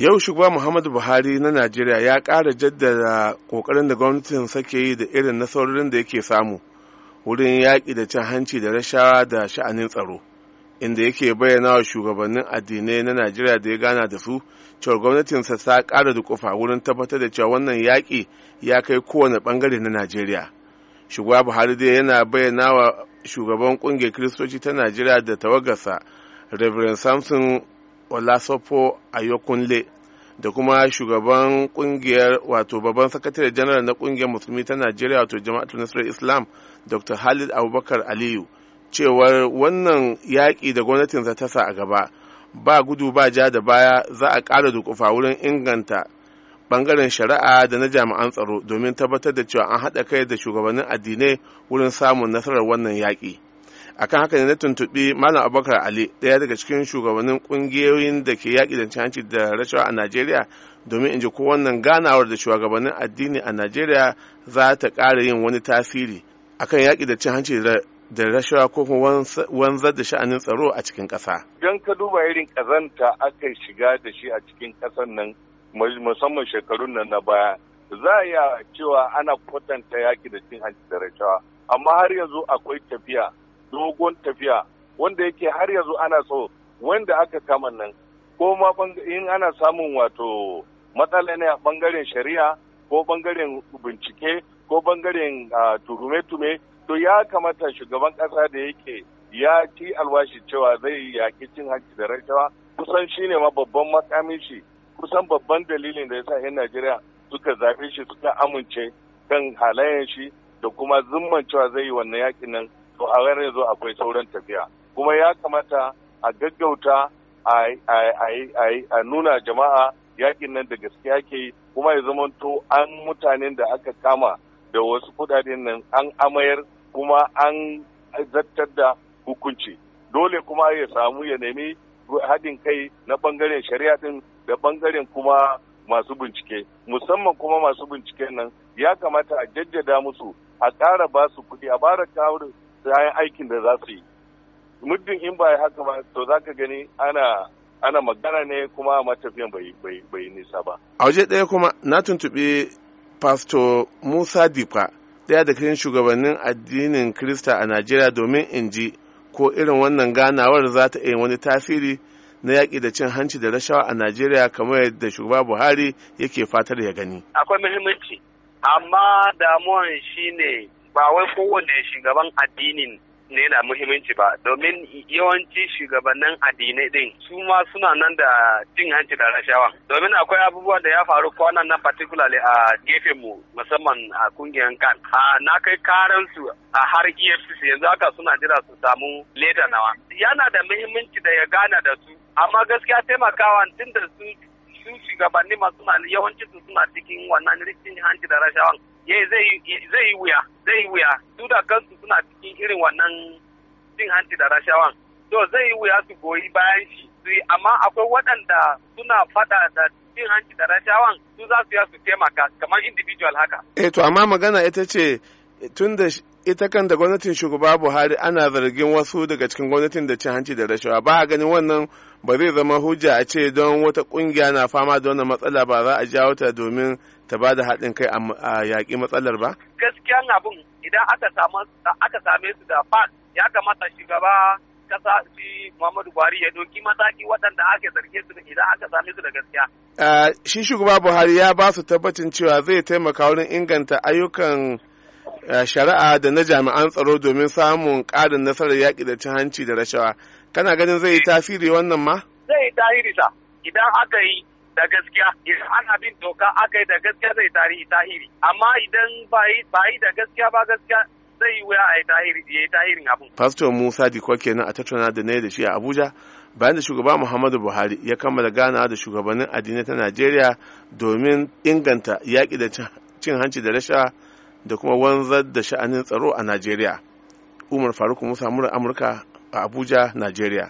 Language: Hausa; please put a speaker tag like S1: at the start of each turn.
S1: yau shugaba muhammadu buhari na najeriya ya ƙara jaddada ƙoƙarin da gwamnatin sake yi da irin nasarorin da yake samu wurin yaƙi da cin hanci da rashawa da sha'anin tsaro inda yake bayyana wa shugabannin addinai na najeriya da ya gana da su cewar gwamnatinsa ta ƙara da kufa wurin tabbatar da cewa wannan yaƙi ya kai kowane ɓangare na najeriya shugaba buhari dai yana bayyana wa shugaban ƙungiyar kiristoci ta najeriya da tawagarsa reverend samson olasopo ayokunle da kuma shugaban kungiyar wato babban sakatare janar na kungiyar musulmi ta najeriya wato jama'atu nasarar islam dr halid abubakar aliyu cewar wannan yaƙi da gwamnatinsa ta sa a gaba ba gudu ba ja da baya za a ƙara dukufa wurin inganta bangaren shari'a da na jami'an tsaro domin tabbatar da cewa an haɗa kai da shugabannin addinai wurin samun nasarar wannan yaƙi. akan haka ne na tuntuɓi malam abubakar ali ɗaya daga cikin shugabannin ƙungiyoyin da ke yaƙi da hanci da rashawa a najeriya domin in ji ko wannan ganawar da shugabannin addini a najeriya za ta ƙara yin wani tasiri akan yaƙi da cin hanci da rashawa ko kuma wanzar da sha'anin tsaro a cikin ƙasa.
S2: Don ka duba irin ƙazanta aka shiga da shi a cikin ƙasar nan musamman shekarun nan na baya za a iya cewa ana kwatanta yaƙi da cin hanci da rashawa amma har yanzu akwai tafiya dogon tafiya wanda yake har yanzu ana so wanda aka kama nan ko ma in ana samun wato matsala ne a bangaren shari'a ko bangaren bincike ko bangaren tuhume-tume to ya kamata shugaban kasa da yake ya ci alwashi cewa zai yaƙi cin hanci da rashawa kusan shi ne ma babban makamin shi kusan babban dalilin da ya sa 'yan Najeriya suka zaɓe shi suka amince kan halayen shi da kuma zumman cewa zai yi wannan yakin nan to a ranar yanzu akwai sauran tafiya kuma ya kamata a gaggauta a nuna jama'a yakin nan da gaske ake kuma ya zamanto an mutanen da aka kama da wasu kudaden nan an amayar kuma an zartar da hukunci dole kuma ya samu ya nemi haɗin kai na ɓangaren shari'a ɗin da ɓangaren kuma masu bincike musamman kuma masu bincike nan ya kamata a jajjada musu a ƙara ba su kuɗi a bara kayan aikin da za su yi muddin in ba haka ba to za ka gani ana ana magana ne kuma matafiyan bai nisa ba
S1: a waje ɗaya kuma na tuntuɓi pastor musa dipa ɗaya da cikin shugabannin addinin krista a najeriya domin in ji ko irin wannan ganawar za ta iya wani tasiri na yaƙi da cin hanci da rashawa a najeriya kamar yadda shugaba buhari yake fatar ya gani
S3: akwai muhimmanci amma damuwan shine ba wai kowane shugaban addinin ne na muhimmanci ba domin yawanci shugabannin addinai din su ma suna nan da cin hanci da rashawa domin akwai abubuwa da ya faru kwanan nan particularly a gefen mu musamman a kungiyar kan a na kai karan a har EFCC yanzu haka suna jira su samu leda nawa yana da muhimmanci da ya gana da su amma gaskiya taimakawa tun da su shugabanni masu yawanci su suna cikin wannan rikicin hanci da rashawan zai yi wuya zai yi wuya Suda kansu suna cikin irin wannan cin hanci da rashawan to zai yi wuya su goyi bayan shi su yi amma akwai waɗanda suna fada da cin hanci da rashawan su za su ya su taimaka kamar individual haka
S1: eh to amma magana ita ce tun da ita kan da gwamnatin shugaba buhari ana zargin wasu daga cikin gwamnatin da cin hanci da rashawa ba a ganin wannan ba zai zama hujja a ce don wata kungiya na fama da wannan matsala ba za a jawo ta domin ta ba da haɗin kai a yaƙi matsalar ba?
S3: Gaskiyan abin idan aka same su da fat ya kamata shugaba kasa shi Muhammadu Buhari ya doki mataki waɗanda ake zarge su idan aka same su da gaskiya.
S1: Shi shugaba Buhari ya ba su tabbacin cewa zai taimaka wurin inganta ayyukan shari'a da na jami'an tsaro domin samun ƙarin nasarar yaƙi da cin hanci da rashawa. Kana ganin zai yi tasiri wannan ma?
S3: Zai yi tasiri sa idan aka yi da gaskiya idan an bin doka aka yi da gaskiya zai tarihi tahiri amma idan
S1: ba yi da gaskiya ba gaskiya zai yi wuya a yi tahiri ya yi tahirin abin. Pastor Musa Dikwa kenan a tattauna da na da shi a Abuja bayan da shugaba Muhammadu Buhari ya kammala ganawa da shugabannin addinai ta Najeriya domin inganta yaƙi da cin hanci da rasha da kuma wanzar da sha'anin tsaro a Najeriya. Umar Faruk Musa mura Amurka a Abuja, Najeriya.